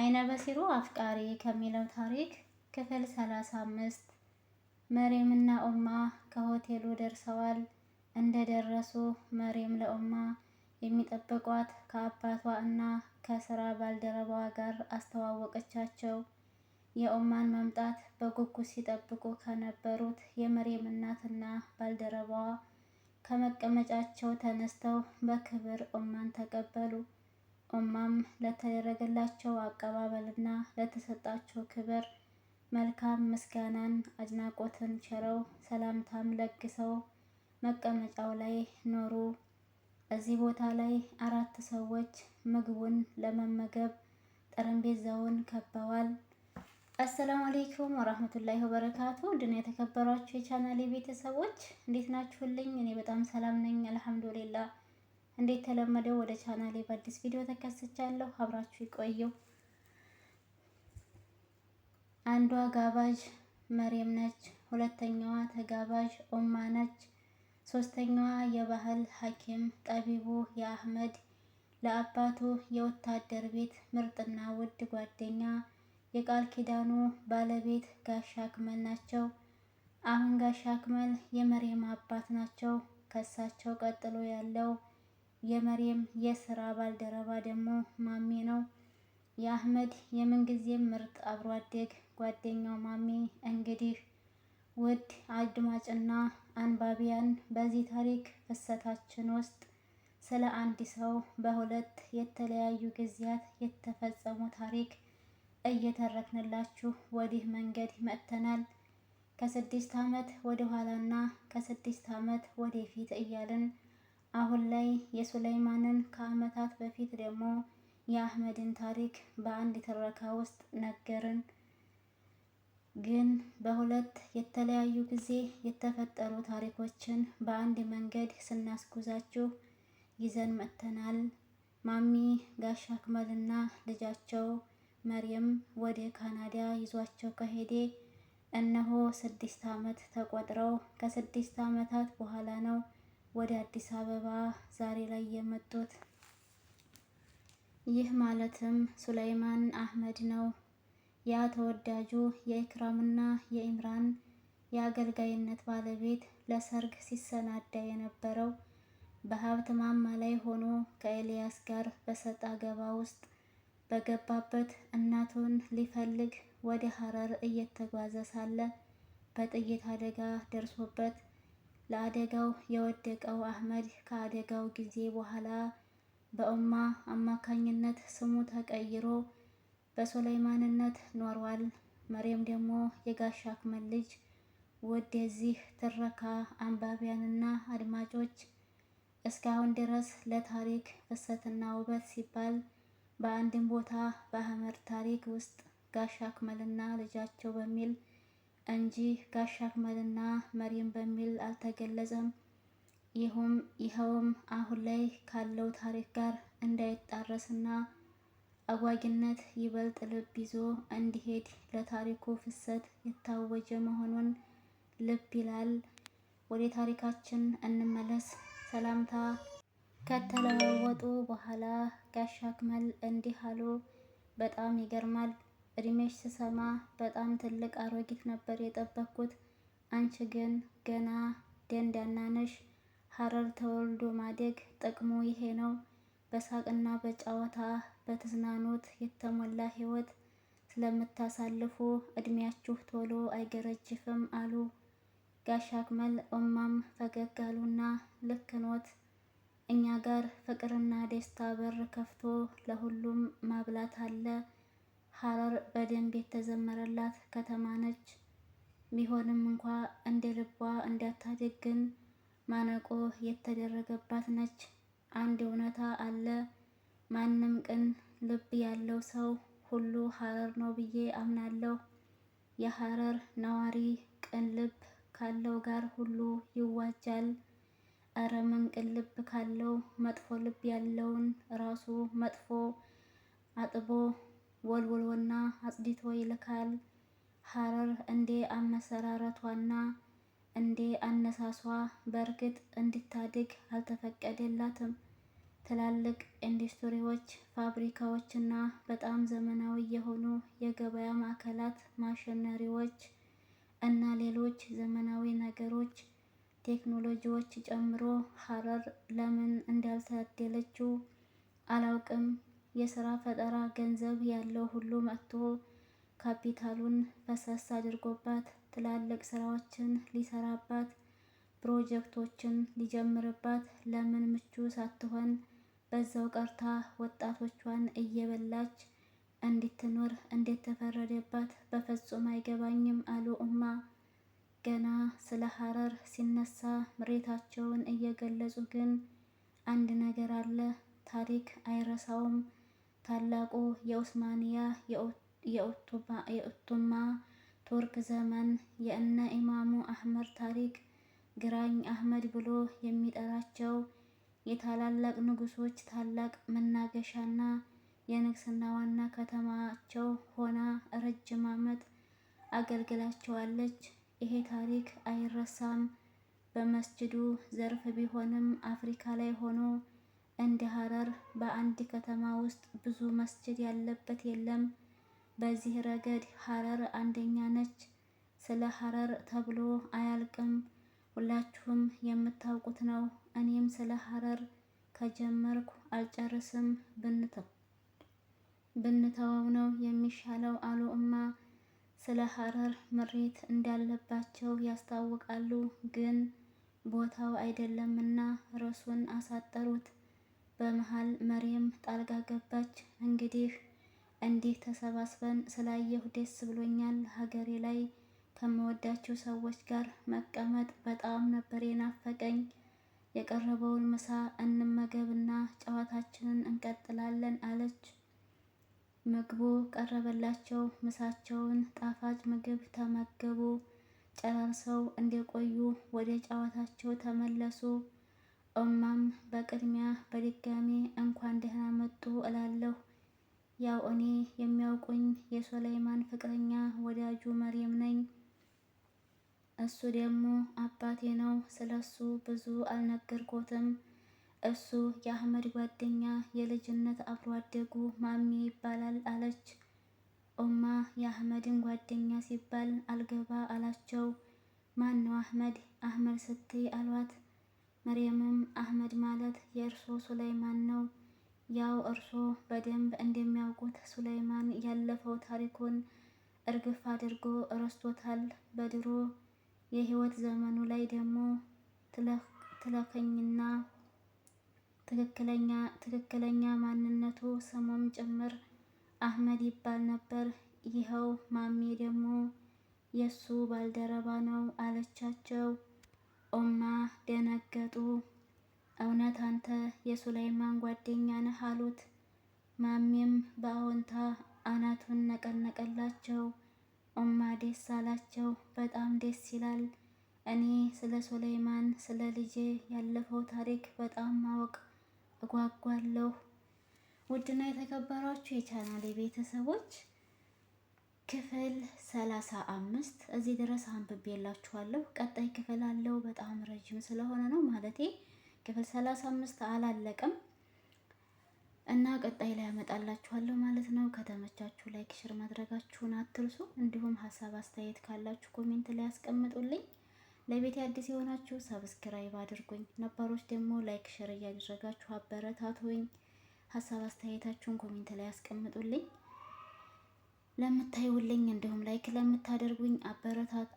አይነ በሲሩ አፍቃሪ ከሚለው ታሪክ ክፍል 35 አምስት እና ኦማ ከሆቴሉ ደርሰዋል። እንደደረሱ መሬም ለኦማ የሚጠብቋት ከአባቷ እና ከስራ ባልደረባዋ ጋር አስተዋወቀቻቸው። የኦማን መምጣት በጉጉት ሲጠብቁ ከነበሩት የመሬም እና ባልደረባዋ ከመቀመጫቸው ተነስተው በክብር ኦማን ተቀበሉ። ኡማም ለተደረገላቸው አቀባበልና ለተሰጣቸው ክብር መልካም ምስጋናን አድናቆትን ቸረው ሰላምታም ለግሰው መቀመጫው ላይ ኖሩ። እዚህ ቦታ ላይ አራት ሰዎች ምግቡን ለመመገብ ጠረጴዛውን ከበዋል። አሰላሙ አሌይኩም ወራህመቱላሂ ወበረካቱ። ድና የተከበሯቸው የቻናሌ ቤተሰቦች እንዴት ናችሁልኝ? እኔ በጣም ሰላም ነኝ፣ አልሐምዱሊላ እንዴት ተለመደው ወደ ቻናሌ በአዲስ ቪዲዮ ተከስቻለሁ። አብራችሁ ይቆየው። አንዷ ጋባዥ መሬም ነች፣ ሁለተኛዋ ተጋባዥ ኡማ ነች፣ ሶስተኛዋ የባህል ሐኪም ጠቢቡ የአህመድ ለአባቱ የወታደር ቤት ምርጥና ውድ ጓደኛ የቃል ኪዳኑ ባለቤት ጋሻ አክመል ናቸው። አሁን ጋሻ አክመል የመሬም አባት ናቸው። ከሳቸው ቀጥሎ ያለው የመሬም የስራ ባልደረባ ደግሞ ማሜ ነው። የአህመድ የምንጊዜም ምርጥ አብሮ አደግ ጓደኛው ማሜ። እንግዲህ ውድ አድማጭና አንባቢያን በዚህ ታሪክ ፍሰታችን ውስጥ ስለ አንድ ሰው በሁለት የተለያዩ ጊዜያት የተፈጸሙ ታሪክ እየተረክንላችሁ ወዲህ መንገድ መጥተናል። ከስድስት ዓመት ወደ ኋላና ከስድስት ዓመት ወደፊት እያልን አሁን ላይ የሱለይማንን ከአመታት በፊት ደግሞ የአህመድን ታሪክ በአንድ ትረካ ውስጥ ነገርን። ግን በሁለት የተለያዩ ጊዜ የተፈጠሩ ታሪኮችን በአንድ መንገድ ስናስጉዛችሁ ይዘን መጥተናል። ማሚ ጋሽ አክመልና ልጃቸው መርየም ወደ ካናዳ ይዟቸው ከሄዴ እነሆ ስድስት አመት ተቆጥረው ከስድስት አመታት በኋላ ነው ወደ አዲስ አበባ ዛሬ ላይ የመጡት። ይህ ማለትም ሱለይማን አህመድ ነው። ያ ተወዳጁ የኢክራምና የኢምራን የአገልጋይነት ባለቤት ለሰርግ ሲሰናዳ የነበረው በሀብት ማማ ላይ ሆኖ ከኤልያስ ጋር በሰጣ ገባ ውስጥ በገባበት እናቱን ሊፈልግ ወደ ሀረር እየተጓዘ ሳለ በጥይት አደጋ ደርሶበት ለአደጋው የወደቀው አህመድ ከአደጋው ጊዜ በኋላ በኡማ አማካኝነት ስሙ ተቀይሮ በሱለይማንነት ኖሯል። መሬም ደግሞ የጋሻ አክመል ልጅ ወደዚህ የዚህ ትረካ አንባቢያንና አድማጮች እስካሁን ድረስ ለታሪክ ፍሰትና ውበት ሲባል በአንድም ቦታ በአህመድ ታሪክ ውስጥ ጋሻ አክመልና ልጃቸው በሚል እንጂ ጋሻ አህመድና መሪም በሚል አልተገለጸም። ይሁም ይኸውም አሁን ላይ ካለው ታሪክ ጋር እንዳይጣረስና አጓጊነት ይበልጥ ልብ ይዞ እንዲሄድ ለታሪኩ ፍሰት የታወጀ መሆኑን ልብ ይላል። ወደ ታሪካችን እንመለስ። ሰላምታ ከተለዋወጡ በኋላ ጋሻ አክመል እንዲህ አሉ። በጣም ይገርማል። እድሜሽ ስሰማ በጣም ትልቅ አሮጊት ነበር የጠበቅኩት። አንቺ ግን ገና ደንዳና ነሽ። ሀረር ተወልዶ ማደግ ጥቅሙ ይሄ ነው። በሳቅና በጨዋታ በትዝናኖት የተሞላ ህይወት ስለምታሳልፉ እድሜያችሁ ቶሎ አይገረጅፍም አሉ ጋሽ አክመል። ኦማም ፈገግ አሉና ልክ ኖት፣ እኛ ጋር ፍቅርና ደስታ በር ከፍቶ ለሁሉም ማብላት አለ። ሀረር በደንብ የተዘመረላት ከተማ ነች። ቢሆንም እንኳ እንደ ልቧ እንዳታድግ ግን ማነቆ የተደረገባት ነች። አንድ እውነታ አለ። ማንም ቅን ልብ ያለው ሰው ሁሉ ሀረር ነው ብዬ አምናለሁ። የሀረር ነዋሪ ቅን ልብ ካለው ጋር ሁሉ ይዋጃል። እረ ምን ቅን ልብ ካለው መጥፎ ልብ ያለውን ራሱ መጥፎ አጥቦ ወልውሎና አጽድቶ ይልካል። ሐረር እንደ አመሰራረቷና እንደ አነሳሷ በእርግጥ እንድታድግ አልተፈቀደላትም። ትላልቅ ኢንዱስትሪዎች፣ ፋብሪካዎችና በጣም ዘመናዊ የሆኑ የገበያ ማዕከላት፣ ማሽነሪዎች እና ሌሎች ዘመናዊ ነገሮች ቴክኖሎጂዎች ጨምሮ ሐረር ለምን እንዳልተደለችው አላውቅም። የስራ ፈጠራ ገንዘብ ያለው ሁሉ መጥቶ ካፒታሉን ፈሰስ አድርጎባት ትላልቅ ስራዎችን ሊሰራባት ፕሮጀክቶችን ሊጀምርባት ለምን ምቹ ሳትሆን በዛው ቀርታ ወጣቶቿን እየበላች እንድትኖር እንዴት ተፈረደባት? በፍጹም አይገባኝም አሉ ኡማ። ገና ስለ ሀረር ሲነሳ ምሬታቸውን እየገለጹ ግን አንድ ነገር አለ፣ ታሪክ አይረሳውም። ታላቁ የኡስማንያ የኦቶማ ቱርክ ዘመን የእነ ኢማሙ አህመድ ታሪክ ግራኝ አህመድ ብሎ የሚጠራቸው የታላላቅ ንጉሶች ታላቅ መናገሻና የንግስና ዋና ከተማቸው ሆና ረጅም ዓመት አገልግላቸዋለች። ይሄ ታሪክ አይረሳም። በመስጅዱ ዘርፍ ቢሆንም አፍሪካ ላይ ሆኖ እንደ ሀረር በአንድ ከተማ ውስጥ ብዙ መስጅድ ያለበት የለም። በዚህ ረገድ ሀረር አንደኛ ነች። ስለ ሀረር ተብሎ አያልቅም። ሁላችሁም የምታውቁት ነው። እኔም ስለ ሀረር ከጀመርኩ አልጨርስም፣ ብንተወው ነው የሚሻለው አሉ እማ። ስለ ሀረር ምሬት እንዳለባቸው ያስታውቃሉ፣ ግን ቦታው አይደለምና ርዕሱን አሳጠሩት። በመሀል መሪም ጣልቃ ገባች። እንግዲህ እንዲህ ተሰባስበን ስላየሁ ደስ ብሎኛል። ሀገሬ ላይ ከምወዳቸው ሰዎች ጋር መቀመጥ በጣም ነበር የናፈቀኝ። የቀረበውን ምሳ እንመገብና ጨዋታችንን እንቀጥላለን አለች። ምግቡ ቀረበላቸው። ምሳቸውን ጣፋጭ ምግብ ተመገቡ። ጨራርሰው እንደቆዩ ወደ ጨዋታቸው ተመለሱ። ኦማም በቅድሚያ በድጋሜ እንኳን ደህና መጡ እላለሁ። ያው እኔ የሚያውቁኝ የሶላይማን ፍቅረኛ ወዳጁ መሪም ነኝ። እሱ ደግሞ አባቴ ነው። ስለሱ ብዙ አልነገርኮትም። እሱ የአህመድ ጓደኛ የልጅነት አብሮ አደጉ ማሚ ይባላል አለች። ኦማ የአህመድን ጓደኛ ሲባል አልገባ አላቸው። ማን ነው አህመድ? አህመድ ስትይ አሏት። መርየምም አህመድ ማለት የእርሶ ሱላይማን ነው። ያው እርሶ በደንብ እንደሚያውቁት ሱላይማን ያለፈው ታሪኩን እርግፍ አድርጎ ረስቶታል። በድሮ የህይወት ዘመኑ ላይ ደግሞ ትለፈኝና ትክክለኛ ማንነቱ ስሙም ጭምር አህመድ ይባል ነበር። ይኸው ማሜ ደግሞ የሱ ባልደረባ ነው አለቻቸው። ኦማ ደነገጡ። እውነት አንተ የሱላይማን ጓደኛ ነህ አሉት። ማሜም በአዎንታ አናቱን ነቀነቀላቸው። ኦማ ደስ አላቸው። በጣም ደስ ይላል። እኔ ስለ ሱላይማን ስለ ልጄ ያለፈው ታሪክ በጣም ማወቅ እጓጓለሁ። ውድና የተከበራችሁ የቻናሌ ቤተሰቦች ክፍል ሰላሳ አምስት እዚህ ድረስ አንብቤላችኋለሁ። ቀጣይ ክፍል አለው በጣም ረዥም ስለሆነ ነው ማለቴ ክፍል ሰላሳ አምስት አላለቀም እና ቀጣይ ላይ አመጣላችኋለሁ ማለት ነው። ከተመቻችሁ ላይክ፣ ሽር ማድረጋችሁን አትርሱ። እንዲሁም ሀሳብ አስተያየት ካላችሁ ኮሜንት ላይ አስቀምጡልኝ ለቤት አዲስ የሆናችሁ ሰብስክራይብ አድርጉኝ፣ ነባሮች ደግሞ ላይክ፣ ሽር እያደረጋችሁ አበረታቱኝ። ሀሳብ አስተያየታችሁን ኮሜንት ላይ አስቀምጡልኝ። ለምታዩልኝ እንዲሁም ላይክ ለምታደርጉኝ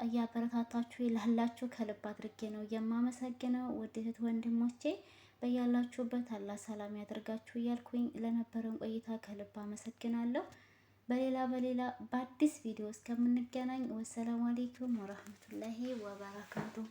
እያበረታታችሁ ላላችሁ ከልብ አድርጌ ነው የማመሰግነው። ውድ እህት ወንድሞቼ በያላችሁበት አላህ ሰላም ያደርጋችሁ እያልኩኝ ለነበረን ቆይታ ከልብ አመሰግናለሁ። በሌላ በሌላ በአዲስ ቪዲዮ እስከምንገናኝ ወሰላሙ አሌይኩም ወረህመቱላሂ ወበረካቱ።